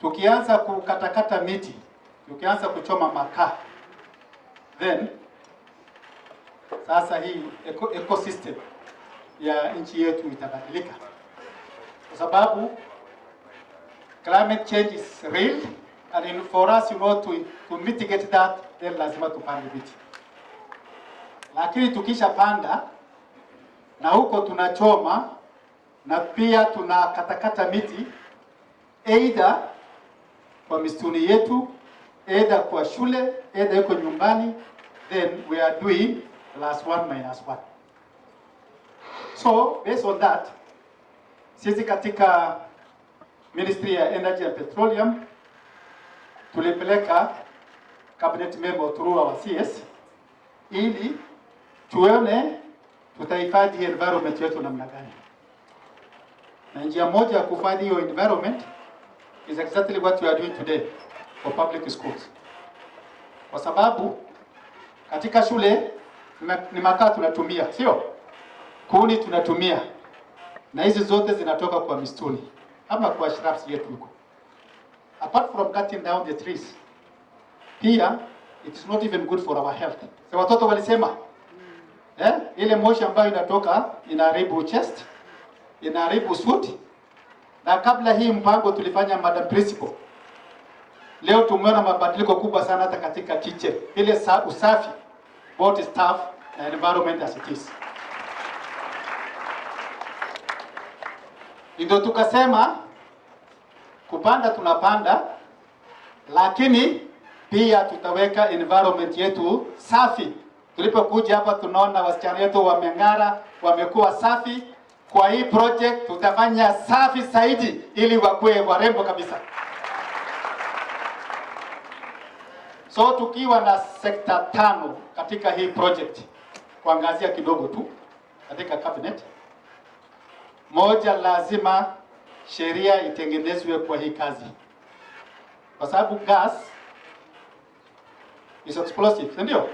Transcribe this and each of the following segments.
tukianza kukatakata miti, tukianza kuchoma makaa, then sasa hii eco ecosystem ya nchi yetu itabadilika, kwa sababu climate change is real and for us you know to, to mitigate that then lazima tupande miti, lakini tukisha panda na huko tunachoma na pia tunakatakata miti either kwa misuni yetu, aidha kwa shule, aidha iko nyumbani, then we are doing plus one minus one. So based on that, sisi katika Ministry ya Energy and Petroleum tulipeleka cabinet member through our CS ili tuone tutahifadhi environment yetu namna gani, na njia moja ya kuhifadhi hiyo environment is exactly what we are doing today for public schools, kwa sababu katika shule ni makaa tunatumia, sio kuni tunatumia, na hizi zote zinatoka kwa mistuni ama kwa shrubs yetu huko. Apart from cutting down the trees, pia it is not even good for our health. So watoto walisema eh, ile moshi ambayo inatoka inaharibu chest, inaharibu suti na kabla hii mpango tulifanya madam principal. Leo tumeona mabadiliko kubwa sana hata katika teacher ile usafi both staff na environment as it is. Ndio tukasema kupanda tunapanda, lakini pia tutaweka environment yetu safi. Tulipokuja hapa tunaona wasichana wetu wameng'ara, wamekuwa safi kwa hii project tutafanya safi zaidi ili wakuwe warembo kabisa. So tukiwa na sekta tano katika hii project, kuangazia kidogo tu katika cabinet. Moja, lazima sheria itengenezwe kwa hii kazi, kwa sababu gas is explosive, ndio?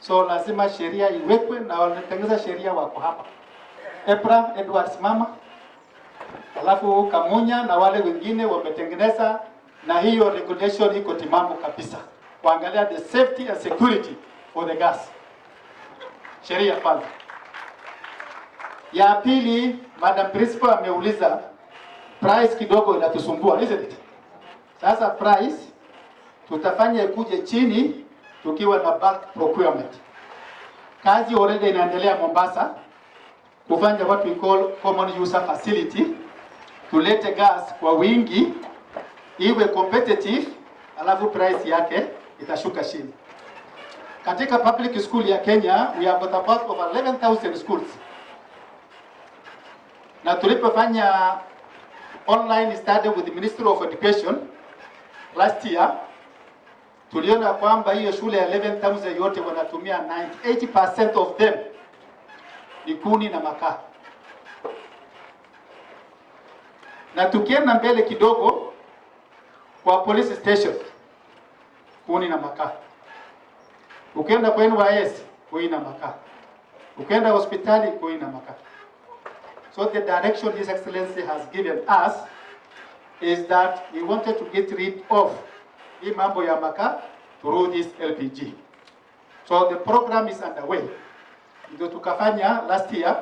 So lazima sheria iwekwe na wanatengeneza sheria wako hapa. Ebra Edwards mama, alafu Kamunya na wale wengine wametengeneza, na hiyo regulation iko timamu kabisa kuangalia the safety and security for the gas. Sheria kwanza. Ya pili, Madam Principal ameuliza price kidogo inatusumbua, isn't it? Sasa price tutafanya ikuje chini tukiwa na bulk procurement. Kazi already inaendelea Mombasa kufanya what we call common user facility, tulete gas kwa wingi iwe competitive, alafu price yake itashuka chini. Katika public school ya Kenya we have got about over 11000 schools, na tulipofanya online study with the Ministry of Education last year tuliona kwamba hiyo shule ya 11000 yote wanatumia 98% of them ni kuni na makaa. Na tukienda mbele kidogo kwa police station, kuni na makaa. Ukienda kwa NYS, kuni na makaa. Ukienda hospitali, kuni na makaa. So the direction His Excellency has given us is that he wanted to get rid of hii mambo ya makaa through this LPG. So the program is underway ndio tukafanya last year,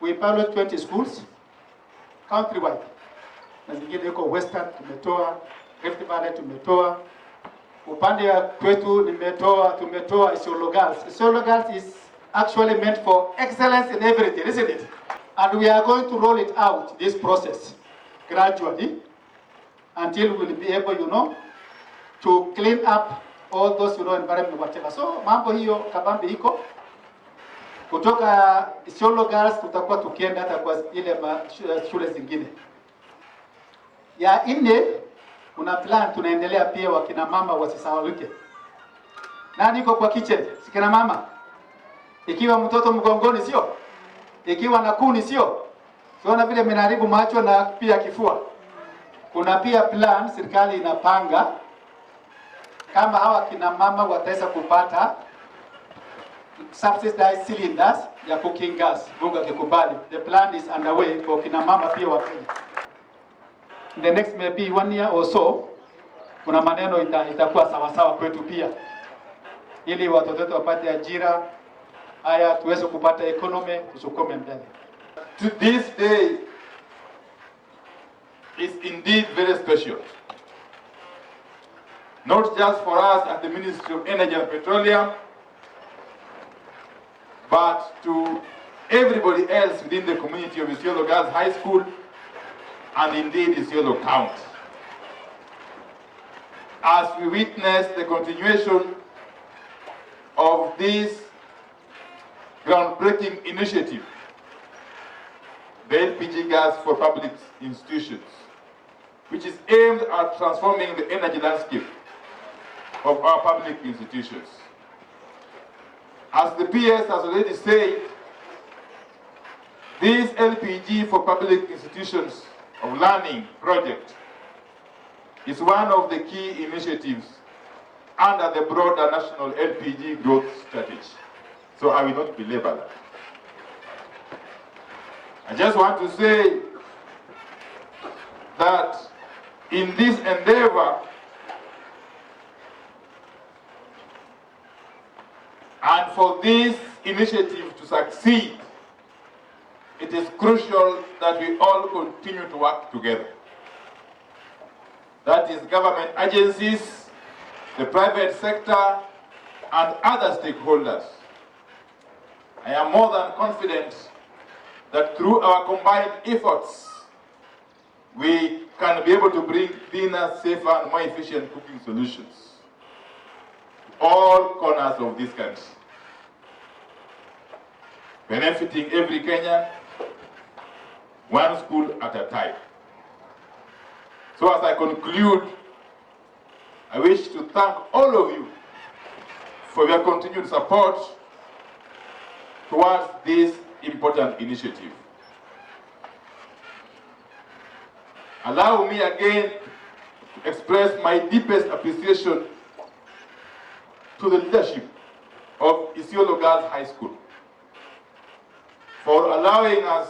we pilot 20 schools countrywide, na zingine iko Western tumetoa, Rift Valley tumetoa, upande kwetu nimetoa, tumetoa Isiolo Girls. Isiolo Girls is actually meant for excellence in everything, isn't it? And we are going to roll it out this process gradually until we will be able, you know, to clean up all those, you know, environment whatever. So mambo hiyo kabambi iko kutoka Isiolo Girls tutakuwa tukienda hata kwa ile shule zingine. Ya nne kuna plan tunaendelea pia, wakina mama wasisahaulike. Na niko kwa kitchen, kina mama, ikiwa mtoto mgongoni sio, ikiwa na kuni sio, siona vile mnaharibu macho na pia kifua. Kuna pia plan serikali inapanga kama hawa kina mama wataweza kupata subsidized cylinders ya cooking gas. Mungu akikubali, the plan is underway for kina mama pia wa Kenya. The next may be one year or so, kuna maneno ita, itakuwa sawasawa kwetu pia, ili watoto wetu wapate ajira, haya tuweze kupata economy, tusukume mbele. To this day is indeed very special not just for us at the Ministry of Energy and Petroleum but to everybody else within the community of Isiolo Girls High School and indeed Isiolo County. As we witness the continuation of this groundbreaking initiative, the LPG gas for public institutions, which is aimed at transforming the energy landscape of our public institutions. As the PS has already said, this LPG for public institutions of learning project is one of the key initiatives under the broader national LPG growth strategy. So I will not belabor that. I just want to say that in this endeavor And for this initiative to succeed, it is crucial that we all continue to work together. That is government agencies, the private sector, and other stakeholders. I am more than confident that through our combined efforts, we can be able to bring cleaner, safer, and more efficient cooking solutions to all corners of this country benefiting every Kenyan, one school at a time. So, as I conclude, I wish to thank all of you for your continued support towards this important initiative. Allow me again to express my deepest appreciation to the leadership of Isiolo Girls High School for allowing us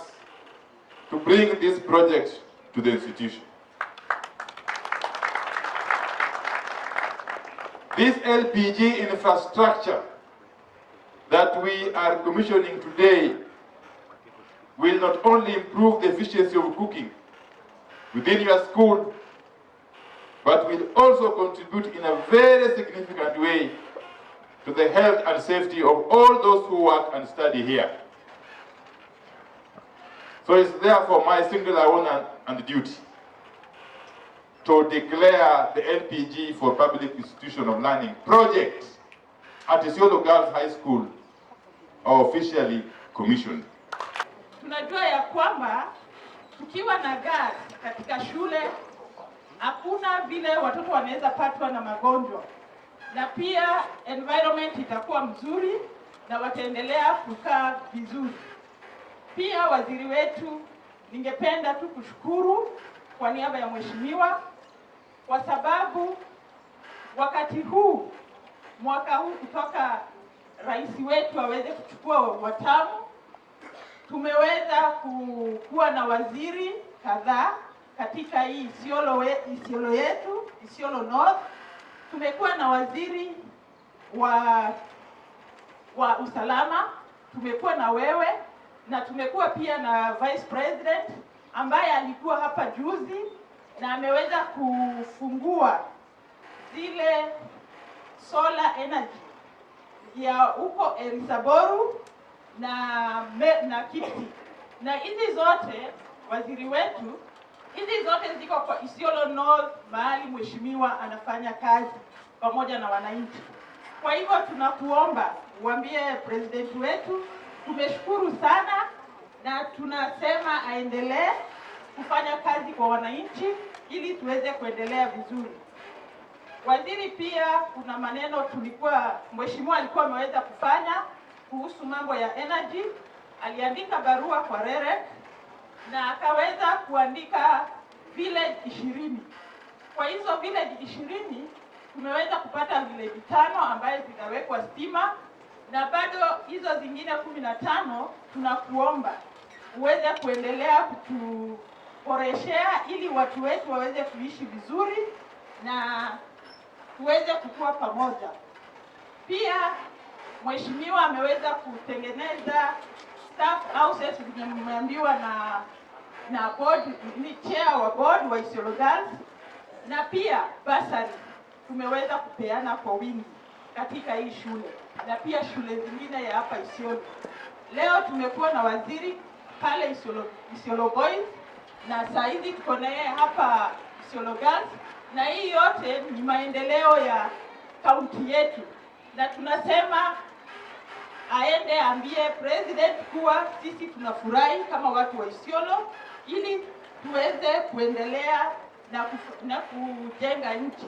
to bring this project to the institution. This LPG infrastructure that we are commissioning today will not only improve the efficiency of cooking within your school, but will also contribute in a very significant way to the health and safety of all those who work and study here. So it's therefore my singular honor and duty to declare the LPG for Public Institution of Learning project at Isiolo Girls High School officially commissioned. Tunajua ya kwamba tukiwa na GARD katika shule hakuna vile watoto wanaweza patwa na magonjwa, na pia environment itakuwa mzuri na wataendelea kukaa vizuri. Pia waziri wetu, ningependa tu kushukuru kwa niaba ya mheshimiwa, kwa sababu wakati huu mwaka huu kutoka rais wetu aweze kuchukua watamu, tumeweza kuwa na waziri kadhaa katika hii Isiolo, Isiolo yetu Isiolo North tumekuwa na waziri wa wa usalama, tumekuwa na wewe na tumekuwa pia na vice president ambaye alikuwa hapa juzi na ameweza kufungua zile solar energy ya huko elsaboru na me, na Kiti na hizi zote waziri wetu, hizi zote ziko kwa Isiolo North mahali mheshimiwa anafanya kazi pamoja na wananchi. Kwa hivyo tunakuomba uambie president wetu Tumeshukuru sana na tunasema aendelee kufanya kazi kwa wananchi ili tuweze kuendelea vizuri. Waziri pia kuna maneno tulikuwa mheshimiwa alikuwa ameweza kufanya kuhusu mambo ya energy. Aliandika barua kwa rere na akaweza kuandika village ishirini. Kwa hizo village ishirini tumeweza kupata village tano ambaye zitawekwa stima na bado hizo zingine kumi na tano tunakuomba uweze kuendelea kutuboreshea ili watu wetu waweze kuishi vizuri na tuweze kukua pamoja. Pia mheshimiwa ameweza kutengeneza staff houses vimeambiwa na na board, ni chair wa board wa Isiolo Girls, na pia basari tumeweza kupeana kwa wingi katika hii shule na pia shule zingine ya hapa Isiolo. Leo tumekuwa na waziri pale Isiolo, Isiolo Boys na saa hizi tuko na yeye hapa Isiolo Girls, na hii yote ni maendeleo ya kaunti yetu, na tunasema aende ambie president kuwa sisi tunafurahi kama watu wa Isiolo ili tuweze kuendelea na, na kujenga nchi.